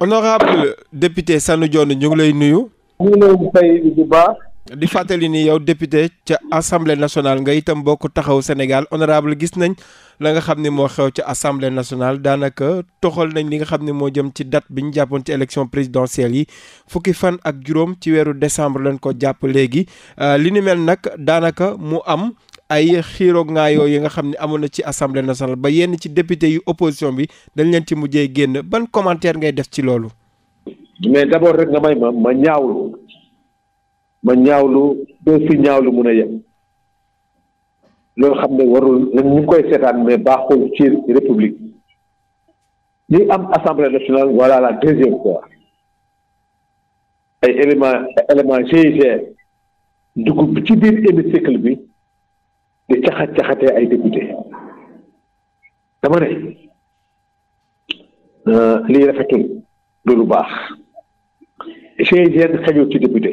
honorable député Sanu Dione ñu ngi lay nuyu. ñu di fàttali ni yow député ca assemblée nationale nga itam bokk taxaw Sénégal honorable gis nañ la nga xam ne moo xew ci assemblée nationale daanaka toxal nañ li nga xam ne moo jëm ci date bi ñu jàppoon ci élection présidentielle yi fukki fan ak juróom ci weeru décembre lañ ko jàpp léegi euh, li ni mel nag daanaka mu am. ay xiiroog ngaa yi nga xam ne amoon na ci assemblée nationale ba yenn ci député yu opposition bi dañ leen ci mujjee génn ban commentaire ngay def ci loolu. mais d'abord rek nga may ma ma ñaawlu ma ñaawlu doo si ñaawlu mun a yem loolu xam ne warul ñu ngi koy seetaan mais baaxul ci république ñuy am assemblée nationale voilà la deuxième fois ay élément élément GIGN dugub ci biir hémicycle bi. di caxat caxatee ay député dama ne euh, lii rafetul du lu baax GIGN xajul ci député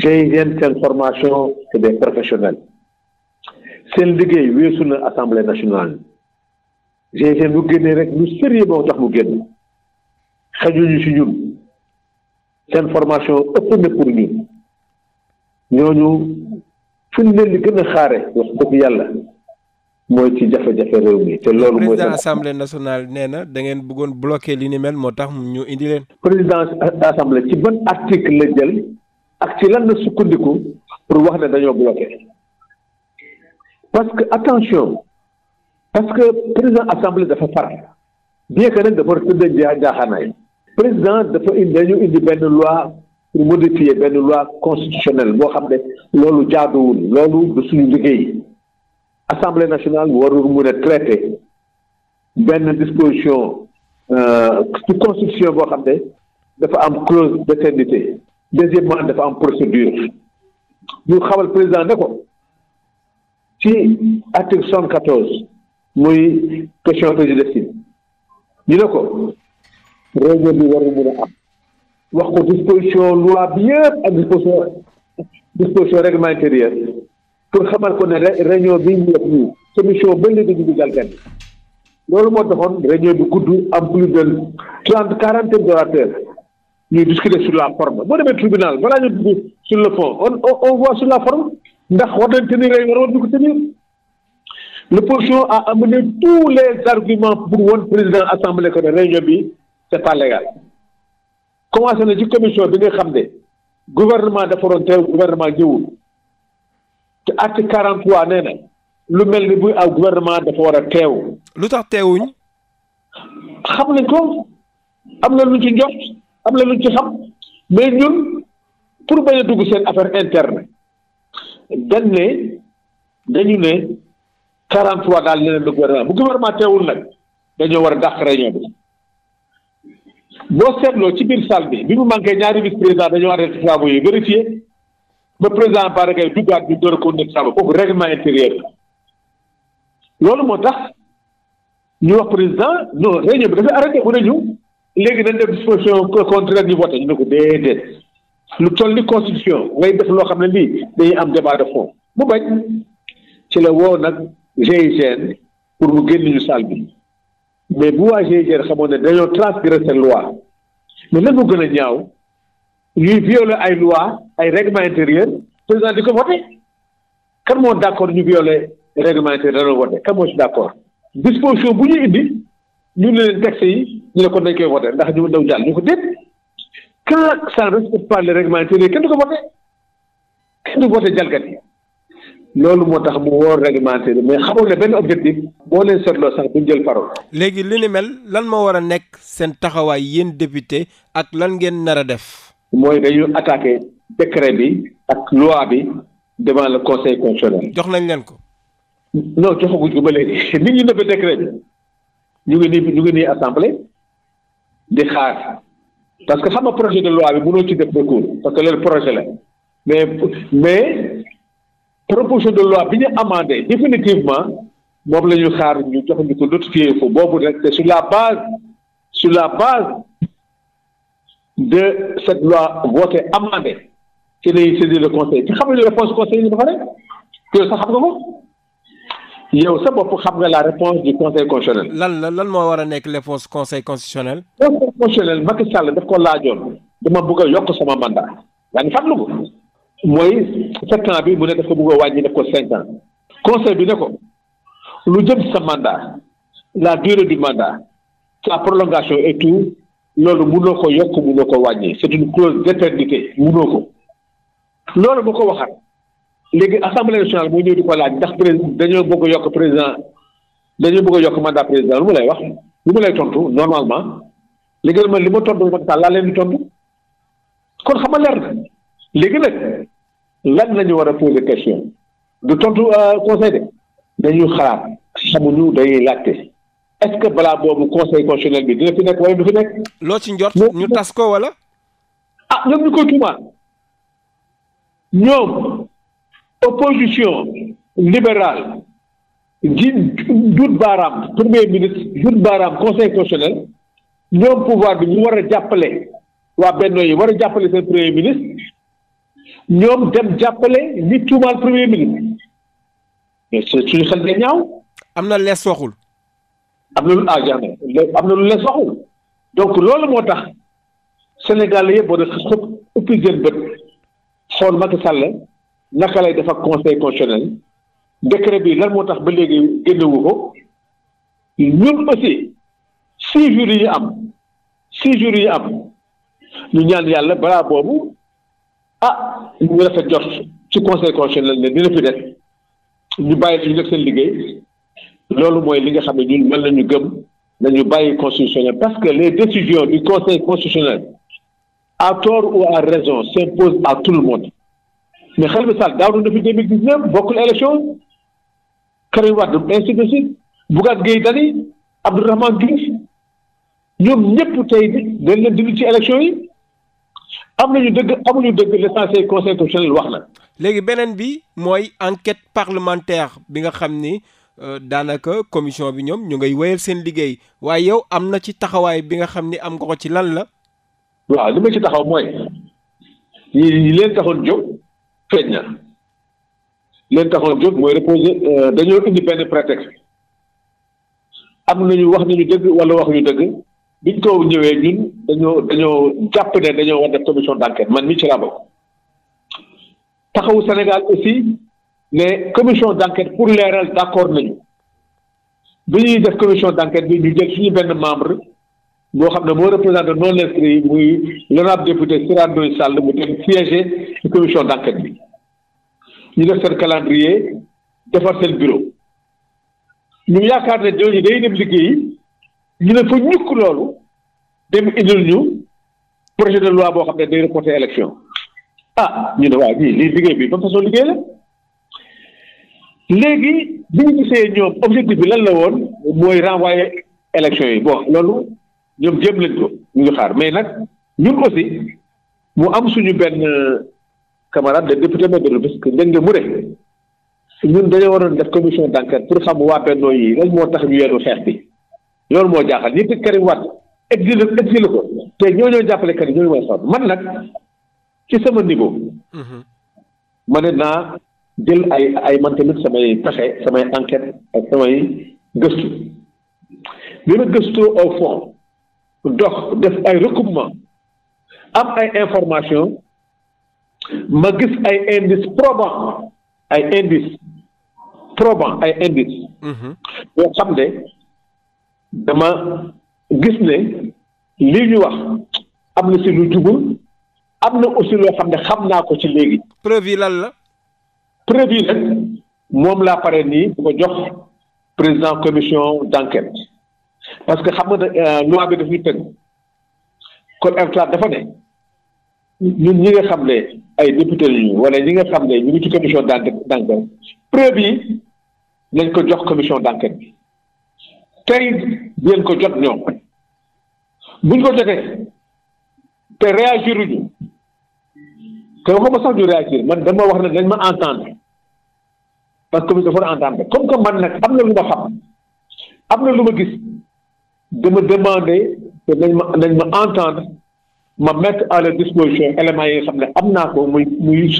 GIGN seen formation c'est des professionnels seen liggéey weesu na assemblée nationale GIGN bu génnee rek lu sérieux moo tax mu génn xajuñu ci ñun seen formation ëpp na ñun ñooñu fu ñu leen di gën a xaare wax dëgg yàlla mooy ci jafe-jafe réew mi te loolu mooy président assemblée nationale nee na dangeen bëggoon bloqué li ni mel moo tax mu ñu indi leen président assemblée ci ban article la jël ak ci lan la sukkandiku pour wax ne dañoo bloqué parce que attention parce que président assemblée dafa far bien que dafa tëdd jaaxaanaay président dafa indi dañu indi benn loi pour modifier benn loi constitutionnelle boo xam ne loolu jaaduwul loolu du suñu liggéey assemblée nationale warul mun a traité benn disposition euh, ci constitution boo xam ne dafa am clause d'éternité deuxièmement dafa am procédure ñu xamal président ne ko ci article soixante quatorze muy question présidentielle ñu ne ko réunion bi warul am wax ko disposition loi bi yëpp ak disposition disposition règlement intérieur pour xamal ko ne réunion bi ñu def nii commission ba léegi ñu ngi jalgati loolu moo taxoon réunion bi gudd am plus de trente quarantaine d'orateurs ñuy discuter sur la forme boo demee tribunal balaa ñu dugg sur le fond on on voit sur la forme ndax war nañ tenir réunion war nañ ko tenir l'opposition a amené tous les arguments pour woon président assemblée que ne réunion bi c'est commencé na ci commission bi nga xam ne gouvernement defaroon te gouvernement ñëwul te article 43 nee na lu mel ni buy aw gouvernement dafa war a teew. lu tax teewuñ. xam nañ ko am na luñ ci jot am na luñ ci xam mais ñun pour bañ a dugg seen affaire interne dañ ne dañu ne 43 daal nee na gouvernement bu gouvernement teewul nag dañoo war a dàq réunion bi. boo seetloo ci biir salle bi bi mu manqué ñaari vice président dañoo arrêté travaux yi vérifié ba président Bara Gaye duggaat ñu door a continuer kooku règlement intérieur la loolu moo tax ñu wax président non réunion bi dafa arrêté bu ne ñu léegi dañ def disposition contraire ñu voté ñu ne ko déedéet lu toll ni constitution ngay def loo xam ne lii dañuy am débat de fond mu bañ ci la woo nag GIGN pour mu génn ñu salle bi. mais bu waa GIGN xamoon ne dañoo transgresser loi mais lan moo gën a ñaaw ñuy violer ay loi ay règlement intérieur président di ko voté kan moo d' accord ñu violer règlement intérieur dañoo voté kan moo si d' accord disposition bu ñu indi ñu ne leen texte yi ñu ne kon dañ koy voté ndax ñu daw jàll ñu ko déet quand ça ne respecte pas le règlement intérieur kenn du ko voté kenn du voté jalgati loolu moo tax mu wóor réglementé mais xamul ne benn objectif boo leen seetloo sax duñ jël parole. léegi li ni mel lan moo war a nekk seen taxawaay yéen député ak lan ngeen nar a def. mooy dañu attaqué décret bi ak loi bi devant le conseil constitutionnel. jox nañ leen ko. non joxaguñ ko ba léegi nit ñi nëbbe décret bi ñu ngi nii ñu ngi nii assemblée di xaar parce que xam nga projet de loi bi mënoo ci def recours parce que loolu projet la mais mais. proposition de loi bi ñu amandé définitivement moom la ñuy xaar ñu jox ñu ko notifié ko boobu rek te sur la base sur la base de cette loi votée amendée ci lay saisir le conseil ci xam nga réponse conseil yi ba pare yow sax xam nga ko yow sa bopp xam nga la réponse du conseil constitutionnel. lan la lan moo war a nekk réponse conseil constitutionnel. conseil constitutionnel Macky Sall daf ko laajoon dama bëgg a yokk sama mandat yaa ngi fàttaliku. mooy sept ans bi mu ne daf ko bëgg wàññi def ko cinq ans conseil bi ne ko lu jëm sa mandat la durée du mandat sa prolongation et tout loolu mënoo ko yokk mënoo ko wàññi c'est une clause d'éternité mënoo ko loolu bu ko waxaat léegi assemblée nationale moo ñëw di ko laaj ndax président dañoo bëgg yokk président dañoo bugg a yokk mandat président lu mu lay wax lu mu lay tontu normalement léegi man li ma tontu man laa leen di tontu kon xam nga leer na léegi nag lan la war a poser question du tontu euh, conseil de dañuy xalaat xamuñu dañuy laajte est-ce que balaa boobu conseil constitutionnel bi dina fi nekk wala du fi nekk. loo ci njort ñu tas ko wala. ah ñoom ñu koy tuumaal ñoom opposition libérale ji jut baaraam premier ministre jut baaraam conseil constitutionnel ñoom pouvoir bi ñu war a jàppale waa Benno yi war a jàppale seen premier ministre. ñoom dem jàppale ñi tuumaal premier ministre mais suñu xel day ñaaw. am na lees waxul. am na lu ah jeex na am na lu lees waxul donc loolu moo tax Sénégal yëpp boo def xëpp uppi seen bët xool Macky Sall naka lay def ak conseil constitutionnel décret bi lan moo tax ba léegi génnewu ko ñun aussi six jours yi ñu am six jours yi ñu am ñu ñaan yàlla balaa boobu. ah ñu ngi rafet jot ci conseil constitutionnel ne dina fi def ñu bàyyi ñu def seen liggéey loolu mooy li nga xam ne ñun mën nañu gëm nañu bàyyi constitutionnel parce que les décisions du conseil constitutionnel à tort ou à raison s'imposent à tout le monde mais Khalifa Sall daaw na fi deux mille dix neuf bokkul élection Karim Wade ainsi de suite Bougane Gueye Dany Abdourahmane Diouf ñoom ñëpp tey dañ leen dindi ci élection yi am nañu dëgg amuñu dëgg l'essentiel conseil wax na. léegi beneen bi mooy enquête parlementaire bi nga xam ni euh, daanaka commission bi ñoom ñu ngay wéyal seen liggéey waaye yow am na ci taxawaay bi nga xam ni am nga ko ci lan la. waaw li ma ci taxaw mooy ñi leen taxoon jóg feeñ na leen taxoon jóg mooy reposer euh, dañoo indi benn prétexte am nañu wax nañu dëgg wala waxuñu dëgg. biñ ko ñëwee ñun dañoo dañoo jàpp ne dañoo war def commission d' man mi ci laa bokk taxawu Sénégal aussi ne commission d' enquête pour leeral d' accord nañu bi ñuy def commission d' enquête bi ñu jël suñu benn boo xam ne moo représenté non inscrit yi muy l'honorable député Sira Ndoye mu dem commission d' enquête bi ñu def seen calendrier defar seen bureau ñu yaakaar ne ñooñu day dem liggéey ñu ne fa ñukk loolu dem indil ñu projet de loi boo xam ne day reporter élection ah ñu ne waa ji lii liggéey bi ba façon liggéey la léegi bi ñu gisee ñoom objectif bi lañ la woon mooy renvoyer élection yi bon loolu ñoom jëm lañ ko ñu ngi xaar mais nag ñun aussi mu am suñu benn camarade de député maire de parce que njëng mu de ñun dañoo waroon def commission d' enquête pour xam waa Benno yi lan moo tax ñu yenu xeex bi loolu moo jaaxal ñi tëj Karim Wade exilé exilé ko te ñoo ñoo jàppale kat yi ñooñu may sonn man nag ci sama niveau. Mhm. ma ne naa jël ay ay man samay pexe samay enquête ak samay gëstu bi ma gëstoo au fond dox def ay recoupement am ay information ma gis ay indice probant ay indice probant ay indice mhm. yoo xam ne dama gis ne lii ñu wax am na si lu jubul am na aussi loo xam ne xam naa ko ci léegi. preuve lan la. preuve yi laa pare nii bu jox président commission d' parce que xam nga euh, loi bi daf ñu tënk code électoral dafa ne ñun ñi nga xam ne ay député lañu wala ñi nga xam ne ñu ngi ci commission d' enquête preuve yi nañ ko jox commission d' enquête bi. tey ngeen ko jot ñoom buñ ko jotee te réagir uñu te waxuma sax ñu réagir man dama wax ne dañ ma entendre parce que mu dafa entendre comme que man nag am na lu ma xam am na lu ma gis dama demander te nañ ma nañ ma entendre ma mettre à leur disposition éléments yi xam ne am naa ko muy muy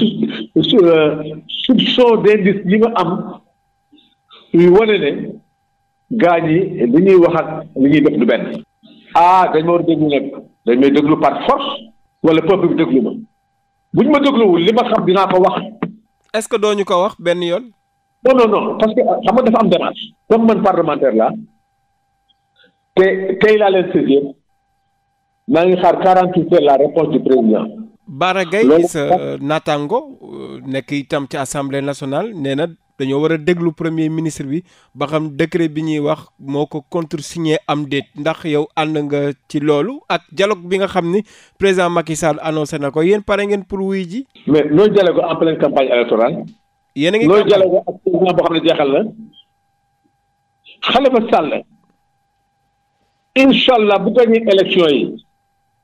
euh, soupçon d'indice yi nga am yu wane ne gaa ñi li ñuy wax ak li ñuy def du benn ah dañ ma war a déglu dañ may déglu par force wala peuple bi déglu ma buñ ma dégluwul li ma xam dinaa ko wax. est-ce que dooñu ko wax benn yoon. non non non parce que xam nga dafa am démarche comme man parlementaire la te tey laa leen saisir maa ngi xaar quarante huit heures la réponse du président. Bara Gaye sa euh, naataango euh, nekk itam ci assemblée nationale nee na dañoo war a déglu premier ministre bi ba xam décret bi ñuy wax moo ko contre contresigné am déet ndax yow ànd nga ci loolu ak dialogue bi nga xam ni président Macky Sall annoncé na ko yéen pare ngeen pour wuy ji. mais nooy dialogue en pleine campagne yéen a ngi nooy dialogue ak boo xam ne jeexal na Khalifa Sall incha allah bu gagné élection yi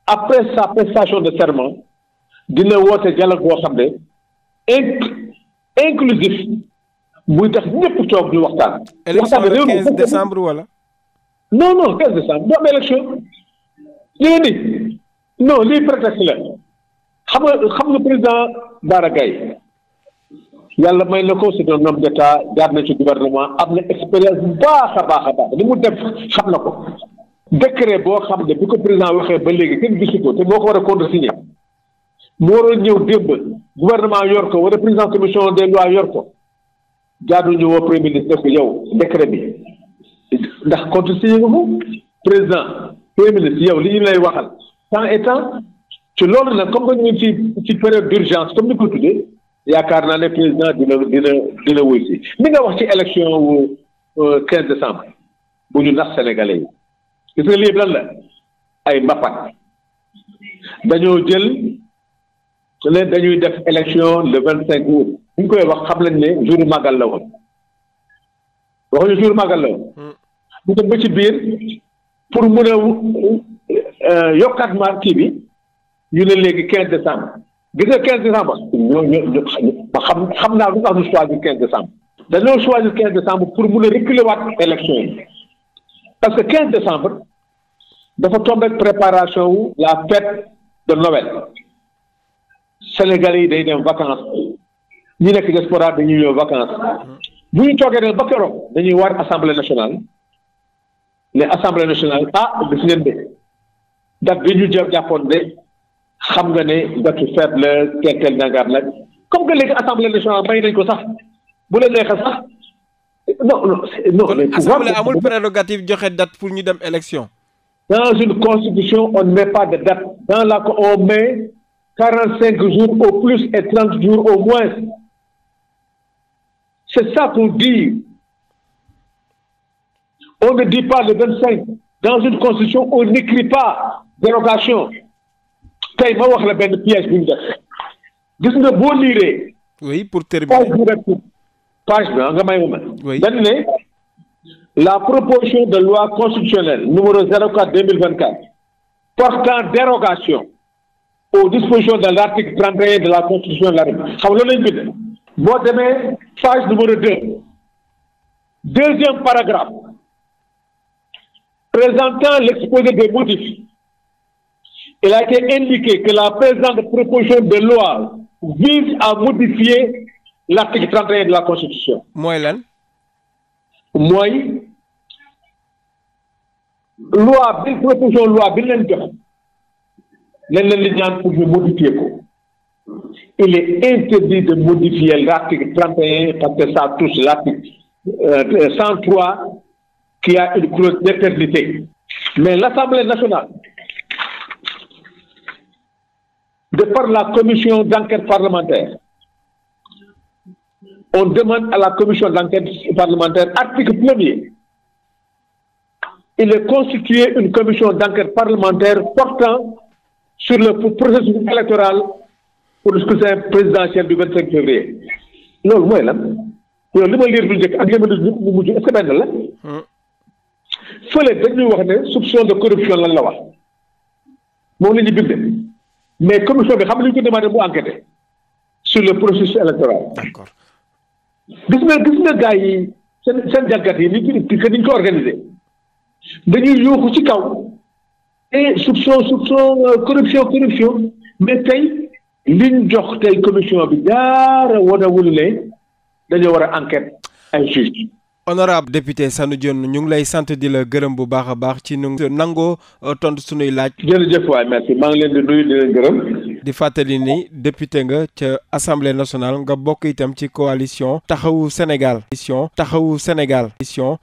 après sa prestation de serment dina woote dialogue boo xam ne inclusif muy tax ñëpp toog ñu waxtaan. waxtaan réew mi 15 décembre wala. non non 15 décembre doo am élection ñu ni non lii prétexte la xam nga xam nga président ba Gaye yàlla may na ko c'est un homme d'état na ci gouvernement am na expérience baax a baax mu def xam na ko décret boo xam ne bi ko président waxee ba léegi kenn gisu ko te moo ko war a contresigné mu waroon ñëw démb gouvernement yor ko wala président commission des lois yor ko. jaadul ñu woo premier ministre def ko yow décret bi ndax contre signé nga président premier ministre yow li ñu lay waxal temps et temps ci loolu nag comme que ñu ngi ci ci période d'urgence comme ni ko tuddee yaakaar naa ne président dina dina dina wuy si li nga wax ci élection wu 15 euh, décembre bu ñu nax sénégalais yi gis nga lii lan la ay mbapat dañoo jël ne dañuy def élection le 25 août. bu ñu koy wax xam nañ ne jour màggal la woon waxuñu jour màggal la woon. Hmm. ñu dem ba ci biir pour mën euh, ma kii bi ñu ne léegi quinze décembre gis nga quinze décembre ñoo ñoo ma xam xam naa lu tax ñu choisir quinze décembre dañoo choisir quinze décembre pour mën a reculer waat élection yi parce que quinze décembre dafa tombé préparation wu la fête de Noël sénégalais yi day dem vacances. ñu nekk diaspora dañuy mm-hmm. ñu toogee nag ba keroog dañuy war assemblée nationale ne assemblée nationale ah gis ngeen de date bi ñu jàppoon de xam nga ne datu fête la teelteel nangaar nag comme que léegi assemblée nationale may nañ ko sax bu la neexee sax non non non assemblée amul prérogative joxe date pour ñu dem élection dans une constitution on ne de date dans la on met quarante cinq jours au plus et trente jours au moins C'est ça qu'on dit. On ne dit pas le 25. Dans une constitution, on n'écrit pas dérogation. tey ma wax la benn piège bu ñu def gis nga boo liiree. oui pour terminer page bi ah, nga may ma. oui la proposition de loi constitutionnelle numéro 04 2024 portant dérogation aux dispositions de l'article 31 de la constitution de la République xam nga loolu lañ boo demee page numéro deux deuxième paragraphe présentant l'exposé des motifs il a été indiqué que la présente proposition de loi vise à modifier l'article 31 de la Constitution. mooy lan. mooy loi bi proposition loi bi leen jox leen leen di ñaan pour ñu modifier ko. il est interdit de modifier l'article 31 parce que euh, qui a une clause d'éternité. Mais l'Assemblée nationale, de par la commission d'enquête parlementaire, on demande à la commission d'enquête parlementaire, article 1 il est constitué une commission d'enquête parlementaire portant sur le processus électoral pour le scrutin présidentiel du 25 février loolu mooy lan loolu li ma liir du njëkk ak li ma liir bu mujj est-ce que benn la. fële dañuy wax ne soupçon de corruption lan la wax moom la ñu bindee mais commission bi xam nañu ko demandé mu enquêté sur le processus électoral. d'accord gis nga gis nga gars yi seen seen jàngat yi ni que ni ñu ko organisé dañuy yóoxu ci kaw et soupçon soupçon euh, corruption corruption mais tey. liñ jox tey commission bi dara wanewul ne dañoo war a enquête ay juge honorable député Sanu ñu ngi lay sant di la gërëm bu baax a baax ci nu nangoo euh, tontu suñuy laaj. jërëjëf waay merci maa ngi leen di nuyu di gërëm. di fàttali ni député nga ca assemblée nationale nga bokk itam ci coalition. taxawu Sénégal. coalition taxawu Sénégal. coalition